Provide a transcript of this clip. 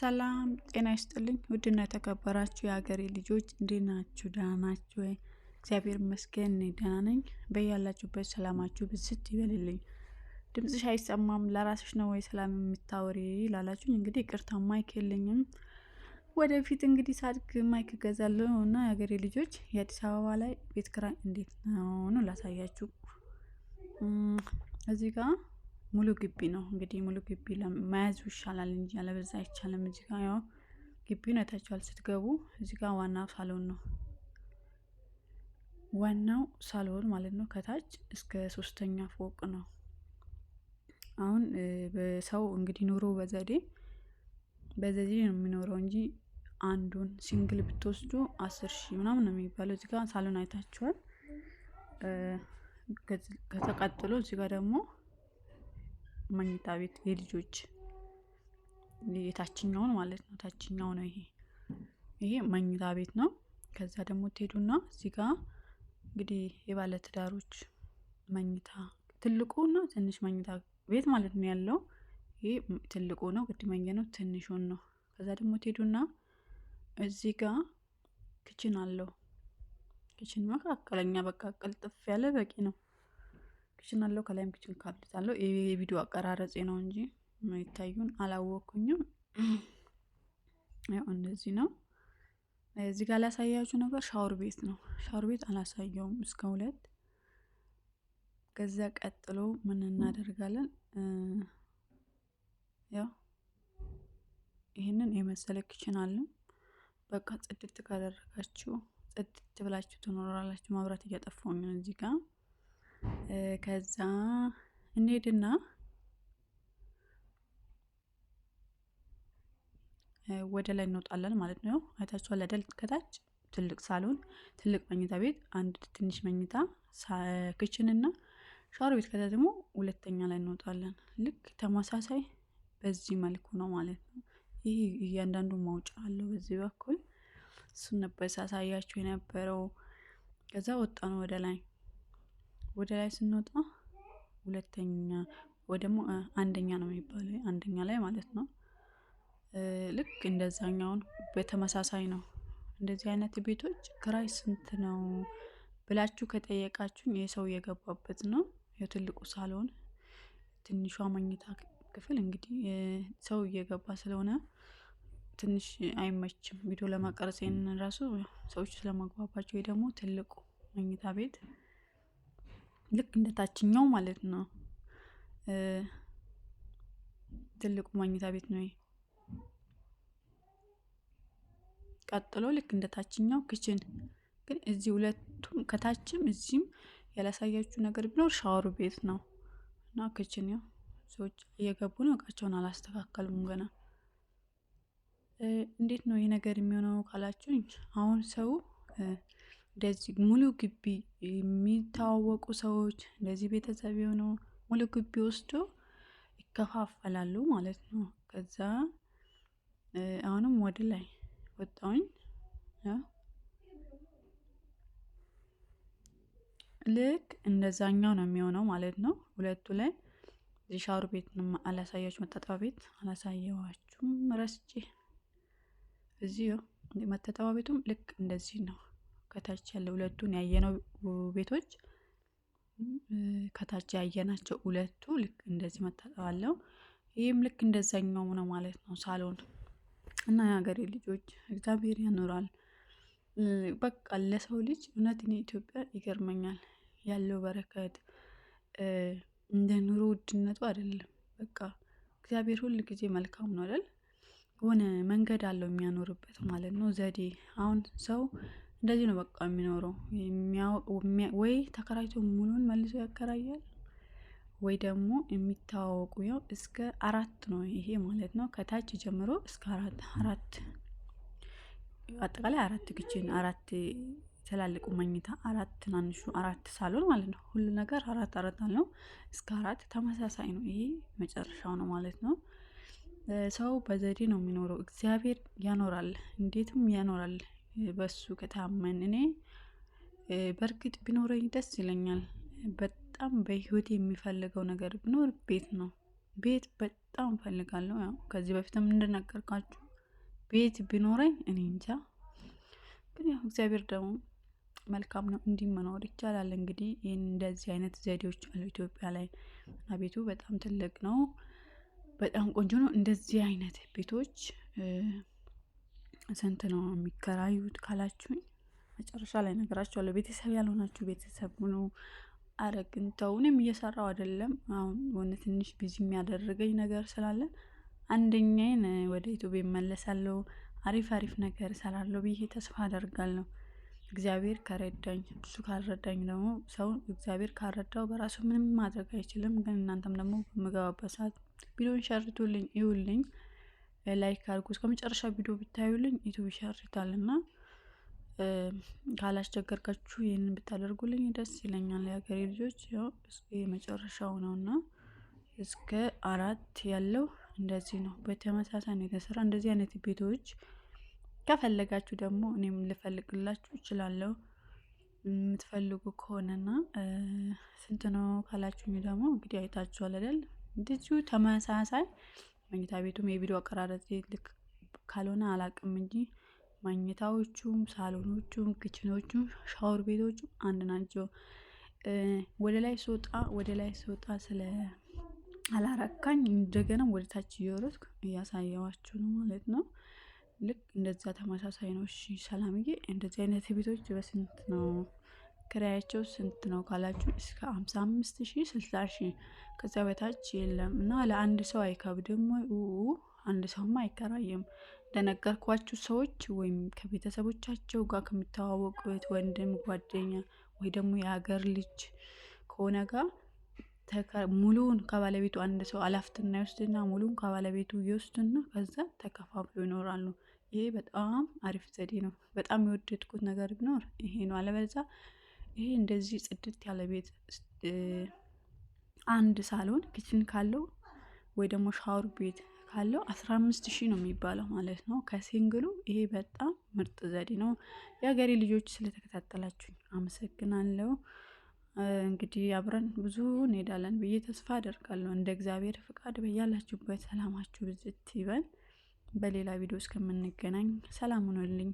ሰላም ጤና ይስጥልኝ። ውድና የተከበራችሁ የሀገሬ ልጆች እንዴት ናችሁ? ደህና ናችሁ ወይ? እግዚአብሔር ይመስገን ደህና ነኝ። በያላችሁበት ሰላማችሁ ብዝት ይበልልኝ። ድምጽሽ አይሰማም ለራስሽ ነው ወይ ሰላም የምታወሪ ላላችሁኝ እንግዲህ ይቅርታ ማይክ የለኝም። ወደፊት እንግዲህ ሳድግ ማይክ እገዛለሁ እና የሀገሬ ልጆች የአዲስ አበባ ላይ ቤት ክራይ እንዴት ነው ነው ላሳያችሁ እዚህ ጋር ሙሉ ግቢ ነው እንግዲህ ሙሉ ግቢ መያዙ ይሻላል እንጂ ያለበዛ አይቻልም። እዚህ ጋ ያው ግቢውን አይታችኋል ስትገቡ። እዚህ ጋ ዋና ሳሎን ነው ዋናው ሳሎን ማለት ነው። ከታች እስከ ሶስተኛ ፎቅ ነው። አሁን በሰው እንግዲህ ኑሮ በዘዴ በዘዴ ነው የሚኖረው እንጂ አንዱን ሲንግል ብትወስዱ አስር ሺህ ምናምን ነው የሚባለው። እዚህ ጋ ሳሎን አይታችኋል። ከተቀጥሎ እዚህ ጋ ደግሞ መኝታ ቤት የልጆች የታችኛውን ማለት ነው። ታችኛው ነው ይሄ ይሄ መኝታ ቤት ነው። ከዛ ደግሞ ትሄዱና እዚህ ጋ እንግዲህ የባለትዳሮች መኝታ ትልቁ እና ትንሽ መኝታ ቤት ማለት ነው ያለው። ይሄ ትልቁ ነው ግድመኛ መኝታ ነው፣ ትንሹን ነው። ከዛ ደግሞ ትሄዱና እዚህ ጋ ክችን አለው። ክችን መካከለኛ በቃ ቅልጥፍ ያለ በቂ ነው። ክችን አለው፣ ከላይም ኪችን ካርድ አለው። የቪዲዮ አቀራረጽ ነው እንጂ ይታዩን አላወኩኝም። ያው እንደዚህ ነው። እዚህ ጋር ላሳያችሁ ነበር ሻወር ቤት ነው። ሻወር ቤት አላሳየውም እስከ ሁለት። ከዛ ቀጥሎ ምን እናደርጋለን? ያው ይህንን የመሰለ ክችን አለ። በቃ ጽድት ካደረጋችሁ ጽድት ብላችሁ ትኖራላችሁ። መብራት እያጠፋውኝ ነው እዚህ ጋር ከዛ እንሄድና ወደ ላይ እንወጣለን ማለት ነው። አይታችኋል አይደል? ከታች ትልቅ ሳሎን፣ ትልቅ መኝታ ቤት፣ አንድ ትንሽ መኝታ ክችን እና ሻወር ቤት። ከዛ ደግሞ ሁለተኛ ላይ እንወጣለን። ልክ ተመሳሳይ በዚህ መልኩ ነው ማለት ነው። ይህ እያንዳንዱ ማውጫ አለው በዚህ በኩል። እሱን ነበር ሳሳያችሁ የነበረው። ከዛ ወጣ ነው ወደ ላይ ወደ ላይ ስንወጣ ሁለተኛ ወይ ደግሞ አንደኛ ነው የሚባለው አንደኛ ላይ ማለት ነው። ልክ እንደዛኛውን በተመሳሳይ ነው። እንደዚህ አይነት ቤቶች ክራይ ስንት ነው ብላችሁ ከጠየቃችሁኝ ይህ ሰው የገባበት ነው። የትልቁ ሳሎን ትንሿ መኝታ ክፍል እንግዲህ ሰው እየገባ ስለሆነ ትንሽ አይመችም ቪዲዮ ለማቀረጽ ራሱ ሰዎች ስለመግባባቸው ወይ ደግሞ ትልቁ መኝታ ቤት ልክ እንደ ታችኛው ማለት ነው። ትልቁ መኝታ ቤት ነው። ቀጥሎ ልክ እንደ ታችኛው ክችን ግን እዚህ ሁለቱም ከታችም እዚህም ያላሳያችሁ ነገር ቢኖር ሻወሩ ቤት ነው እና ክችን ያው ሰዎች እየገቡ ነው። እቃቸውን አላስተካከሉም ገና። እንዴት ነው ይህ ነገር የሚሆነው ካላችሁ አሁን ሰው እንደዚህ ሙሉ ግቢ የሚታወቁ ሰዎች እንደዚህ ቤተሰብ የሆነው ሙሉ ግቢ ወስዶ ይከፋፈላሉ ማለት ነው። ከዛ አሁንም ወደ ላይ ወጣሁኝ። ልክ እንደዛኛው ነው የሚሆነው ማለት ነው። ሁለቱ ላይ እዚህ ሻወር ቤት አላሳያችሁ፣ መታጠቢያ ቤት አላሳየዋችሁም ረስቼ። እዚህ መታጠቢያ ቤቱም ልክ እንደዚህ ነው። ከታች ያለ ሁለቱን ያየነው ቤቶች ከታች ያየናቸው ሁለቱ ልክ እንደዚህ መታጠብ አለው። ይህም ልክ እንደዛኛው ነው ማለት ነው ሳሎን እና የሀገሬ ልጆች እግዚአብሔር ያኖራል። በቃ ለሰው ልጅ እውነት እኔ ኢትዮጵያ ይገርመኛል ያለው በረከት እንደ ኑሮ ውድነቱ አይደለም። በቃ እግዚአብሔር ሁል ጊዜ መልካም ነው አይደል? የሆነ መንገድ አለው የሚያኖርበት ማለት ነው ዘዴ አሁን ሰው እንደዚህ ነው በቃ የሚኖረው። ወይ ተከራይቶ ሙሉን መልሶ ያከራያል፣ ወይ ደግሞ የሚታወቁ ያው እስከ አራት ነው ይሄ ማለት ነው። ከታች ጀምሮ እስከ አራት አራት አጠቃላይ አራት ክችን፣ አራት ትላልቁ መኝታ፣ አራት ትናንሹ፣ አራት ሳሎን ማለት ነው። ሁሉ ነገር አራት አራት አለው እስከ አራት ተመሳሳይ ነው። ይሄ መጨረሻው ነው ማለት ነው። ሰው በዘዴ ነው የሚኖረው። እግዚአብሔር ያኖራል፣ እንዴትም ያኖራል። በሱ ከታመን እኔ በእርግጥ ቢኖረኝ ደስ ይለኛል። በጣም በህይወት የሚፈልገው ነገር ቢኖር ቤት ነው። ቤት በጣም ፈልጋለሁ። ያው ከዚህ በፊትም እንደነገርኳችሁ ቤት ቢኖረኝ እኔ እንጃ። ግን ያው እግዚአብሔር ደግሞ መልካም ነው፣ እንዲህ መኖር ይቻላል። እንግዲህ ይህን እንደዚህ አይነት ዘዴዎች አሉ ኢትዮጵያ ላይ እና ቤቱ በጣም ትልቅ ነው፣ በጣም ቆንጆ ነው። እንደዚህ አይነት ቤቶች ስንት ነው የሚከራዩት ካላችሁኝ መጨረሻ ላይ ነገራችኋለሁ። ቤተሰብ ያልሆናችሁ ቤተሰብ ነው አረግን ተውንም እየሰራው አይደለም። አሁን የሆነ ትንሽ ቢዚ የሚያደርገኝ ነገር ስላለን አንደኛዬን ወደ ኢትዮጵያ እመለሳለሁ። አሪፍ አሪፍ ነገር እሰራለሁ ብዬ ተስፋ አደርጋለሁ። እግዚአብሔር ከረዳኝ፣ እሱ ካልረዳኝ ደግሞ ሰው እግዚአብሔር ካልረዳው በራሱ ምንም ማድረግ አይችልም። ግን እናንተም ደግሞ በምገባበት ሰዓት ቢሎን ሸርቱልኝ፣ ይውልኝ ላይክ አድርጉ። እስከ መጨረሻ ቪዲዮ ብታዩልኝ ዩቱብ ይሸርታል እና ካላስቸገርካችሁ ይህንን ብታደርጉልኝ ደስ ይለኛል። የሀገሬ ልጆች ያው የመጨረሻው ነው እና እስከ አራት ያለው እንደዚህ ነው። በተመሳሳይ ነው የተሰራ። እንደዚህ አይነት ቤቶች ከፈለጋችሁ ደግሞ እኔም ልፈልግላችሁ እችላለሁ የምትፈልጉ ከሆነና ስንት ነው ካላችሁኝ ደግሞ እንግዲህ አይታችኋል አይደል? እንደዚሁ ተመሳሳይ መኝታ ቤቱም የቪዲዮ አቀራረጽ ልክ ካልሆነ አላቅም እንጂ መኝታዎቹም፣ ሳሎኖቹም፣ ክችኖቹም፣ ሻወር ቤቶቹም አንድ ናቸው። ወደ ላይ ስወጣ ወደ ላይ ስወጣ ስለ አላረካኝ እንደገና ወደ ታች እየወረድኩ እያሳየዋችሁ ነው ማለት ነው። ልክ እንደዛ ተመሳሳይ ነው። እሺ ሰላምዬ፣ እንደዚህ አይነት ቤቶች በስንት ነው? ክራያቸው ስንት ነው ካላችሁ እስከ 55 ሺህ 60 ከዛ በታች የለም እና ለአንድ ሰው አይከብድም ወይ? አንድ ሰውም አይከራይም። ለነገርኳችሁ ሰዎች ወይም ከቤተሰቦቻቸው ጋር ከሚተዋወቁት ወንድም ጓደኛ ወይ ደግሞ የሀገር ልጅ ከሆነ ጋር ሙሉን ከባለቤቱ አንድ ሰው አላፍትና ይወስድና ሙሉን ከባለቤቱ ይወስድና ከዛ ተከፋፍሎ ይኖራሉ። ይሄ በጣም አሪፍ ዘዴ ነው። በጣም የወደድኩት ነገር ቢኖር ይሄ ነው። አለበለዚያ ይሄ እንደዚህ ጽድት ያለ ቤት አንድ ሳሎን ኪችን ካለው ወይ ደግሞ ሻወር ቤት ካለው አስራ አምስት ሺህ ነው የሚባለው ማለት ነው ከሲንግሉ። ይሄ በጣም ምርጥ ዘዴ ነው። የሀገሬ ልጆች ስለተከታተላችሁኝ አመሰግናለሁ። እንግዲህ አብረን ብዙ እንሄዳለን ብዬ ተስፋ አደርጋለሁ። እንደ እግዚአብሔር ፍቃድ በያላችሁበት ሰላማችሁ ብዝት ይበል። በሌላ ቪዲዮ እስከምንገናኝ ሰላም ሁኑልኝ።